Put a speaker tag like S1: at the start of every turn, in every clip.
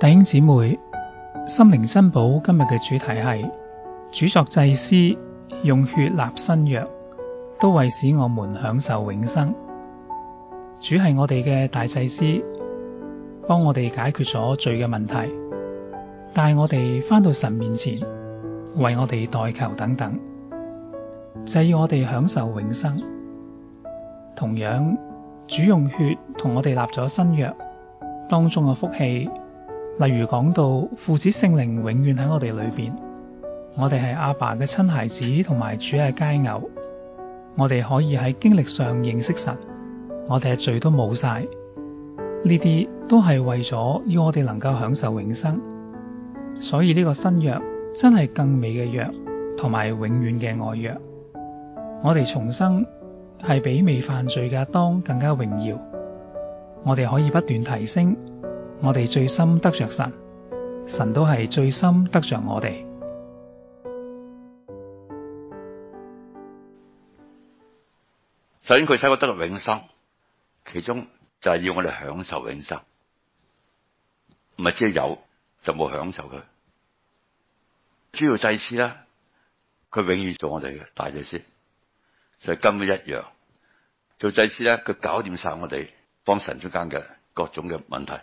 S1: 弟兄姊妹，心靈珍寶今日嘅主題係主作祭司用血立新約，都為使我們享受永生。主係我哋嘅大祭司，幫我哋解決咗罪嘅問題，帶我哋返到神面前，為我哋代求等等，就是要我哋享受永生。同樣，主用血同我哋立咗新約當中嘅福氣。例如講到父子聖靈永遠喺我哋裏邊，我哋係阿爸嘅親孩子，同埋主係佳偶。我哋可以喺經歷上認識神，我哋嘅罪都冇晒。呢啲都係為咗要我哋能夠享受永生。所以呢個新約真係更美嘅約，同埋永遠嘅愛約。我哋重生係比未犯罪嘅當更加榮耀。我哋可以不斷提升。我哋最深得着神，神都係最深得着我哋。
S2: 首先佢使我得到永生，其中就係要我哋享受永生，唔係即係有，有就冇享受佢。主要祭司啦，佢永遠做我哋嘅大祭司，就係、是、今日一樣做祭司咧，佢搞掂晒我哋幫神之間嘅各種嘅問題。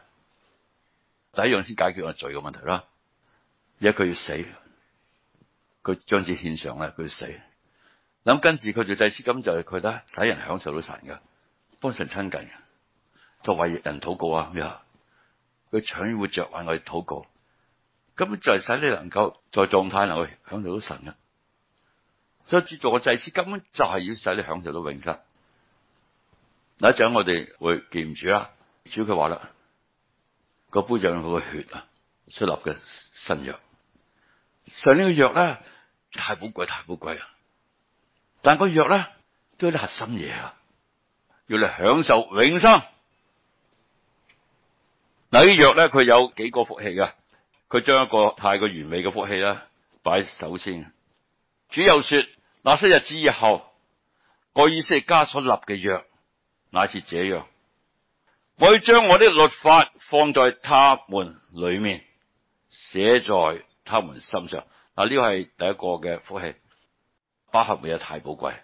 S2: 第一樣先解決個罪嘅問題啦，而家佢要死，佢將至獻上咧，佢要死。諗跟住佢做祭司金就係佢咧，使人享受到神嘅幫神親近嘅，作為人禱告啊，佢常活著為我哋禱告，根本就係使你能夠在狀態內去享受到神噶。所以做個祭司金就係要使你享受到永生。嗱一陣我哋會記唔住啦，主要佢話啦。個杯上有佢個血啊，所立嘅新約，上個約呢個約咧，太寶貴，太寶貴啊！但個約咧都係啲核心嘢啊，要嚟享受永生。嗱，呢個約咧佢有幾個福氣噶，佢將一個太過完美嘅福氣啦擺首先。主又說：那些日子以後，我與以色列家所立嘅約，乃是這樣。我要將我啲律法，放在他們裡面，寫在他們心上。嗱，呢個係第一個嘅福氣，巴客末也太寶貴，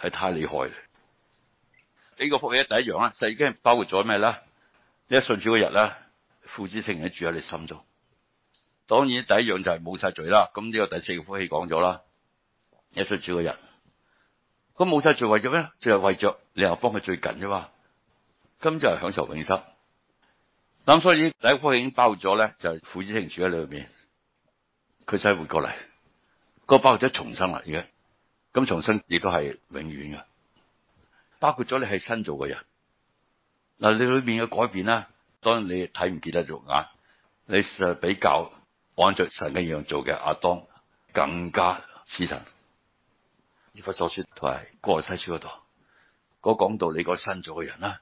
S2: 係太厲害啦！呢、這個福氣第一樣啦，聖經包括咗咩咧？一信主嗰日咧，父子聖靈住喺你心中。當然，第一樣就係冇晒罪啦。咁、這、呢個第四個福氣講咗啦，一信主嗰日，佢冇晒罪為咗咩？就係、是、為咗你又幫佢最緊啫嘛。今就係享受永生，咁所以第一科已經包括咗咧，就係父子聖靈喺裏面，佢生活過嚟，個包括咗重生啦，而家咁重生亦都係永遠嘅，包括咗你係新造嘅人。嗱，你裏面嘅改變啦，當然你睇唔見得肉眼，你就比較按着神嘅樣做嘅阿當，更加似神。以弗所書同埋哥羅西書嗰度，嗰、那、講、個、到你個新造嘅人啦。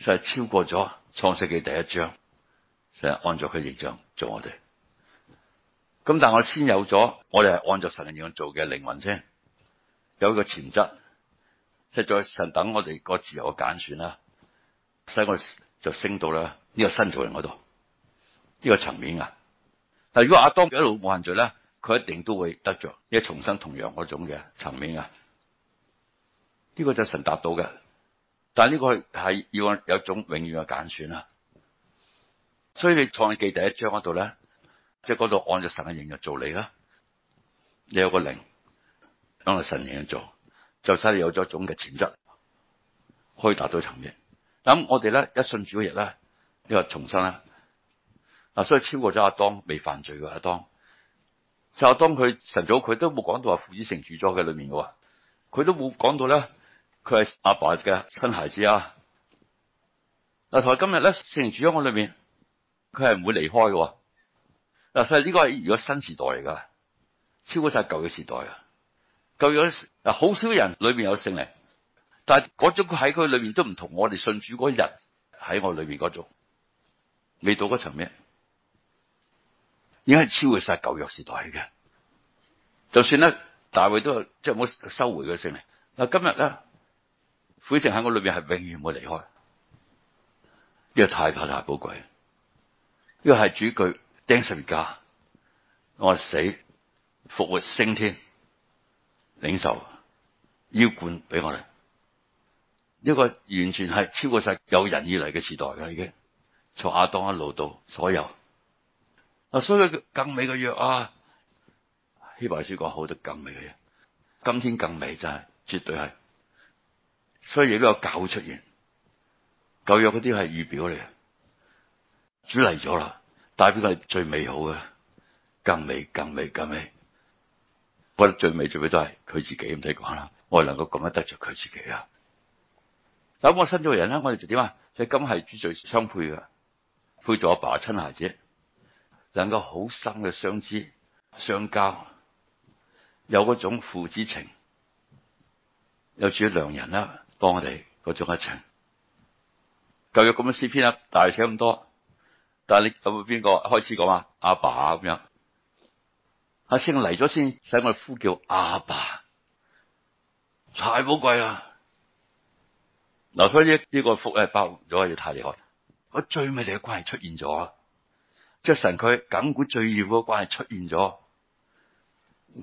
S2: 就係超過咗創世記第一章，就係按照佢形象做我哋。咁但係我先有咗，我哋係按照神嘅形象做嘅靈魂先，有一個潛質，即係再神等我哋個自由嘅揀選啦，使我就升到啦呢個新造人嗰度，呢、這個層面啊。但係如果阿當一路冇犯罪咧，佢一定都會得着，因為重生同樣嗰種嘅層面啊。呢、這個就是神達到嘅。但係呢個係要有一種永遠嘅揀選啦，啊，所以你創世記第一章嗰度咧，即係嗰度按着神嘅形象做你啦。你有個靈，按神形象做，就使你有咗一種嘅潛質，可以達到層面。咁我哋咧一信主嗰日咧，呢話重生啦，嗱，所以超過咗阿當，未犯罪嘅阿當，就阿當佢晨早佢都冇講到話父子成住咗喺裏面嘅話，佢都冇講到咧。佢係阿爸嘅親孩子啊！嗱，同埋今日咧，聖主喺我裏面，佢係唔會離開嘅。嗱，所以呢個係如果是新時代嚟噶，超過晒舊嘅時代啊！舊約嗱，好少人裏面有聖靈，但係嗰種喺佢裏面都唔同我哋信主嗰日喺我裏面嗰種，未到嗰層咩？已經係超越晒舊約時代嘅。就算咧大衛都有即係冇收回個聖靈嗱，今日咧。灰性喺我裏面係永遠唔會離開，呢、這個太怕太寶貴，呢、這個係主句釘神家我死復活升天領受腰冠俾我哋，呢、這個完全係超過晒有人以嚟嘅時代嘅，已經從亞當一路到所有，所以更美嘅約啊，希伯來書講好多更美嘅約，今天更美真、就、係、是、絕對係。所以亦都有舊，出現，舊約嗰啲係預表嚟嘅，主嚟咗啦，代表係最美好嘅，更美、更美、更美。我覺得最美最美都係佢自己，唔使講啦，我哋能夠咁樣得着佢自己啊。咁我新做人啦，我哋就點啊？即係今係主最相配嘅，配做阿爸，爸親孩子，兩個好深嘅相知相交，有嗰種父子情，又住良人啦。幫我哋嗰種一程，究竟咁樣詩篇啊，大寫咁多，但係你有冇邊個開始講啊？阿爸咁樣，阿聖嚟咗先，使我哋呼叫阿爸，太寶貴啦！嗱，所以呢個福係包咗，又太厲害。個最美麗嘅關係出現咗，即係神佢緊管罪孽嗰關係出現咗，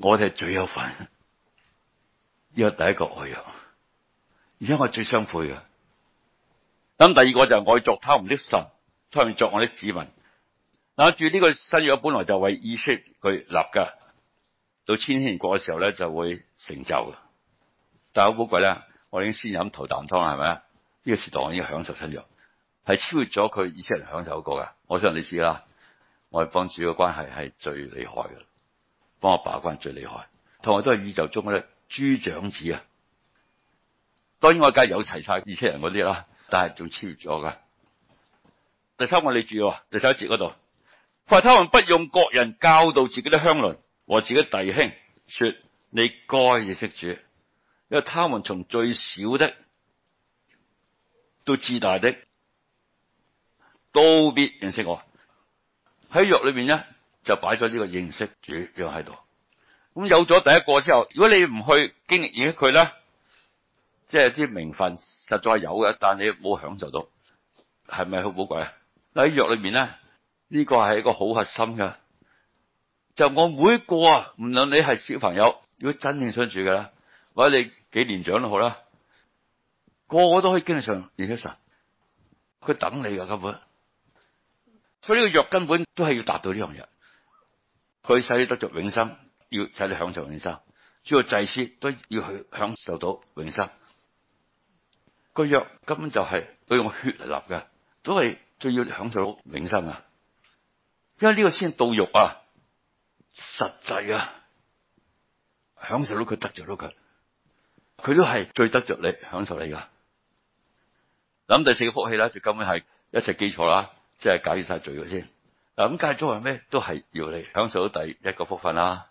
S2: 我哋係最有份，因為第一個愛約。而且我最相悔嘅，咁第二個就愛作他，哋嘅神，偷嚟作我的子民。諗住呢個新約本來就為以色列佢立嘅，到千禧年過嘅時候咧就會成就。但係好寶貴咧，我已經先飲頭啖湯啦，係咪啊？呢、這個時代我已經享受新約，係超越咗佢以色列人享受過嘅。我相信你知啦，我哋幫主嘅關係係最厲害嘅，幫我把關係是最厲害的，同埋都係宇宙中嘅諸長子啊！當然我梗係有齊差二千人嗰啲啦，但係仲超越咗噶。第三個你注意啊，第三節嗰度，話他們不用各人教導自己啲鄉鄰和自己的弟兄，說你該認識主，因為他們從最小的到至大的都必認識我。喺約裏邊呢，就擺咗呢個認識主咁喺度。咁有咗第一個之後，如果你唔去經歷嘢佢咧。即係啲名分實在有嘅，但係你冇享受到，係咪好寶貴啊？喺約裏面咧，呢個係一個好核心嘅。就我每個啊，唔論你係小朋友，如果真正信主嘅啦，或者你幾年長都好啦，個個都可以經常認識神，佢等你嘅根本。所以呢個約根本都係要達到呢樣嘢，佢使你得着永生，要使你享受永生。主要祭司都要去享受到永生。個約根本就係佢用血嚟立㗎，都係最要享受到永生啊！因為呢個先到肉啊，實際啊，享受到佢得着到佢，佢都係最得着你，享受你噶。諗第四個福氣啦，就根本係一切基礎啦，即係解決晒罪惡先。嗱，咁解咗係咩？都係要你享受到第一個福分啦，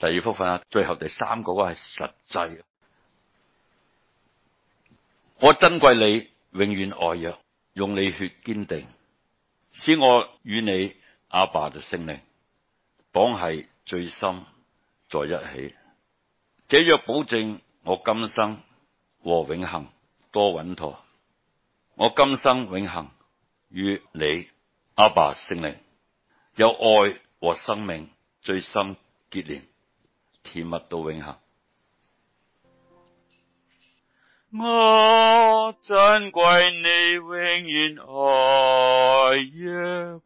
S2: 第二福分啦，最後第三個嗰個係實際。我珍貴你，永遠愛約，用你血堅定，使我與你阿爸的聖靈綁繫最深在一起。這約保證我今生和永恆多穩妥。我今生永恆與你阿爸聖靈有愛和生命最深結連，甜蜜到永恆。
S3: 我珍寶你永遠愛約，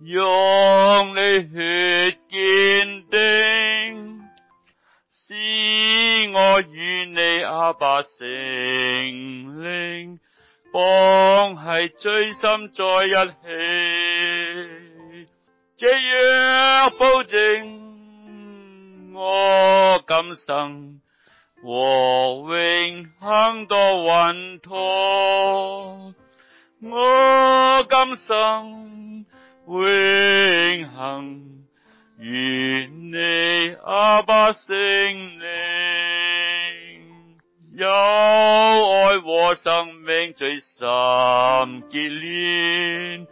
S3: 用你血堅定，使我與你阿爸聖靈，綁繫最深在一起，這約保證我今生和永恆多穩妥，我今生永恆，與祢阿爸聖靈，有愛和生命最深結連，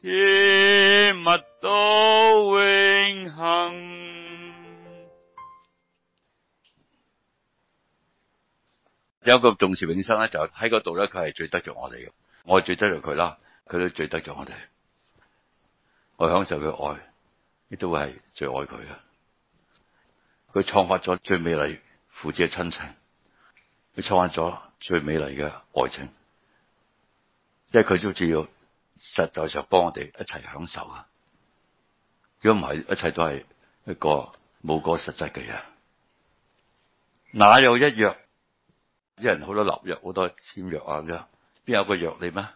S3: 甜蜜到永恆。
S2: 有一個重視永生咧，就喺嗰度咧，佢係最得着我哋嘅，我係最得着佢啦，佢都最得着我哋。我享受佢愛，亦都會係最愛佢嘅。佢創發咗最美麗父子嘅親情，佢創發咗最美麗嘅愛情。即係佢最主要，實在上幫我哋一齊享受啊！如果唔係，一切都係一個冇個實質嘅嘢，哪有一樣？一人好多立約，好多簽約啊！噶邊有個約你咩？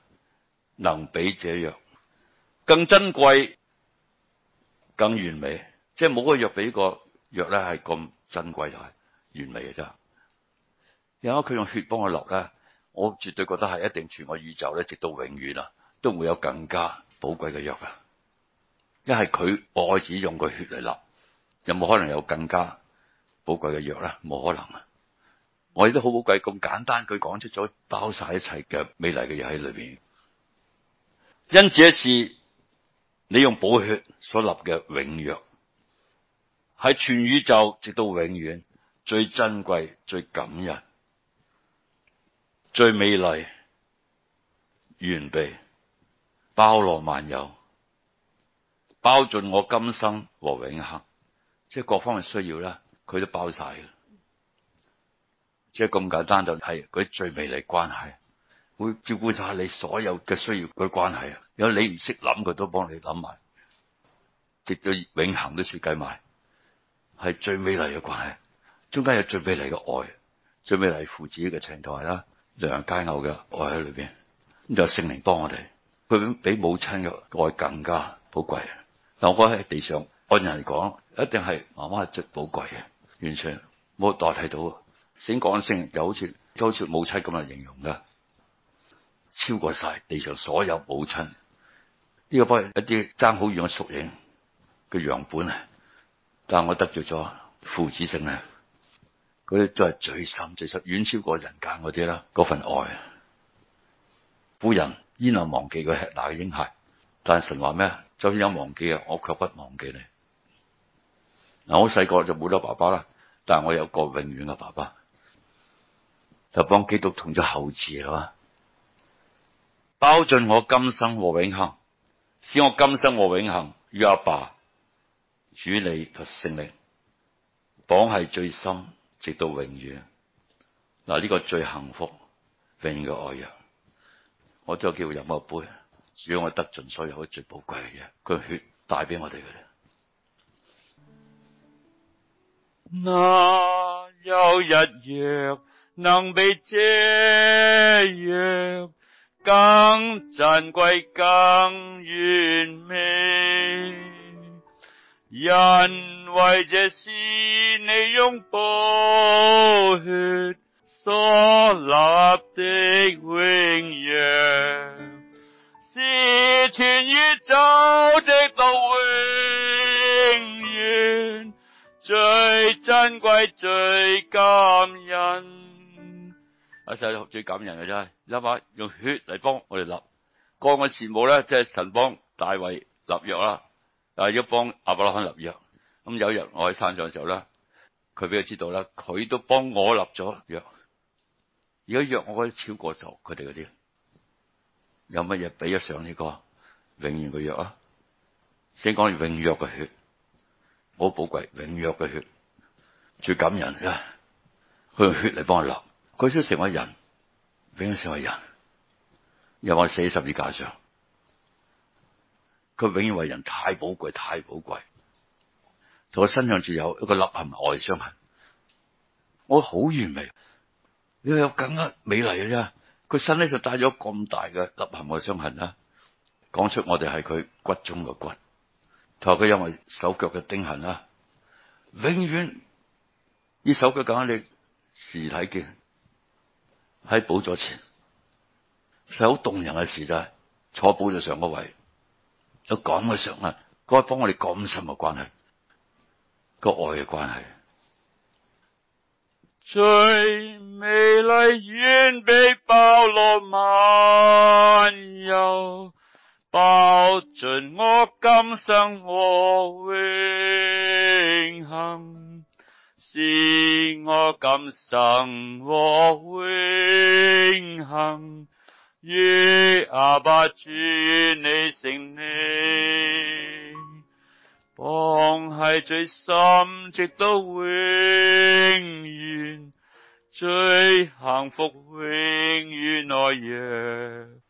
S2: 能比這約更珍貴、更完美？即係冇個約比個約咧係咁珍貴就係完美嘅啫。然後佢用血幫我落啦，我絕對覺得係一定全個宇宙咧，直到永遠啊，都會有更加寶貴嘅約噶。一係佢愛子用嘅血嚟立，有冇可能有更加寶貴嘅約咧？冇可能啊！我哋都好寶貴，咁簡單佢講出咗包晒一切嘅美麗嘅嘢喺裏邊，因此這是你用寶血所立嘅永約，喺全宇宙直到永遠最珍貴、最感人、最美麗、完備、包羅萬有、包盡我今生和永恆，即係各方面需要咧，佢都包晒即係咁簡單就係、是、佢最美麗關係，會照顧晒你所有嘅需要。佢關係啊，如果你唔識諗，佢都幫你諗埋，直到永恒都設計埋，係最美麗嘅關係。中間有最美麗嘅愛，最美麗父子嘅情同係啦，良人佳偶嘅愛喺裏邊。咁就聖靈幫我哋，佢比母親嘅愛更加寶貴。但係我講喺地上，按人嚟講，一定係媽媽係最寶貴嘅，完全冇代替到。先光聖就好似都好似母親咁嚟形容噶，超過晒地上所有母親。呢、這個不過一啲爭好遠嘅縮影嘅樣本啊，但係我得着咗父子性啊，佢都係最深最深，遠超過人間嗰啲啦，嗰份愛啊。婦人焉能忘記佢吃奶嘅嬰孩？但神話咩？就算有忘記啊，我卻不忘記你。嗱，我細個就冇咗爸爸啦，但係我有個永遠嘅爸爸。就幫基督同咗後嗣嘛，包盡我今生和永恆，使我今生和永恆與阿爸，爸主祢及聖靈綁繫最深，直到永遠。嗱，呢個最幸福永遠嘅愛人，我都有機會飲個杯，使我我得盡所有最寶貴嘅嘢，佢血帶俾我哋嘅。那、
S3: 啊、有一約能比這約更珍貴、更完美？因為這是你用寶血所立的永約，是全宇宙直到永遠，最珍貴、最感人。一
S2: 世最感人嘅就係，諗下用血嚟幫我哋立。嗰個事務咧，即係神幫大衛立約啦。嗱，要幫亞伯拉罕立約。咁有日我喺山上嘅時候咧，佢俾我知道啦，佢都幫我立咗約。而家約我可以超過咗佢哋嗰啲，有乜嘢比得上呢，這個永遠嘅約啊？先講永約嘅血，好寶貴。永約嘅血最感人嘅，佢用血嚟幫我立。佢想成為人，永遠成為人，又話十字架上，佢永遠為人太寶貴，太寶貴。同我身上住有一個凹痕外傷痕，我好完美，你有更加美麗嘅啫。佢身呢就帶咗咁大嘅凹痕外傷痕啦，講出我哋係佢骨中嘅骨。同佢因為手腳嘅釘痕啦，永遠呢手腳講你視體嘅。喺寶座前，係好動人嘅事就係坐寶座上個位，都講咗上啊，該幫我哋講心嘅關係，個愛嘅
S3: 關係。最美麗完備，包羅萬有。」「包盡我今生和永恆。使我今生和永恆，與阿爸主祢聖靈，綁繫最深，直到永遠，最幸福永遠愛約。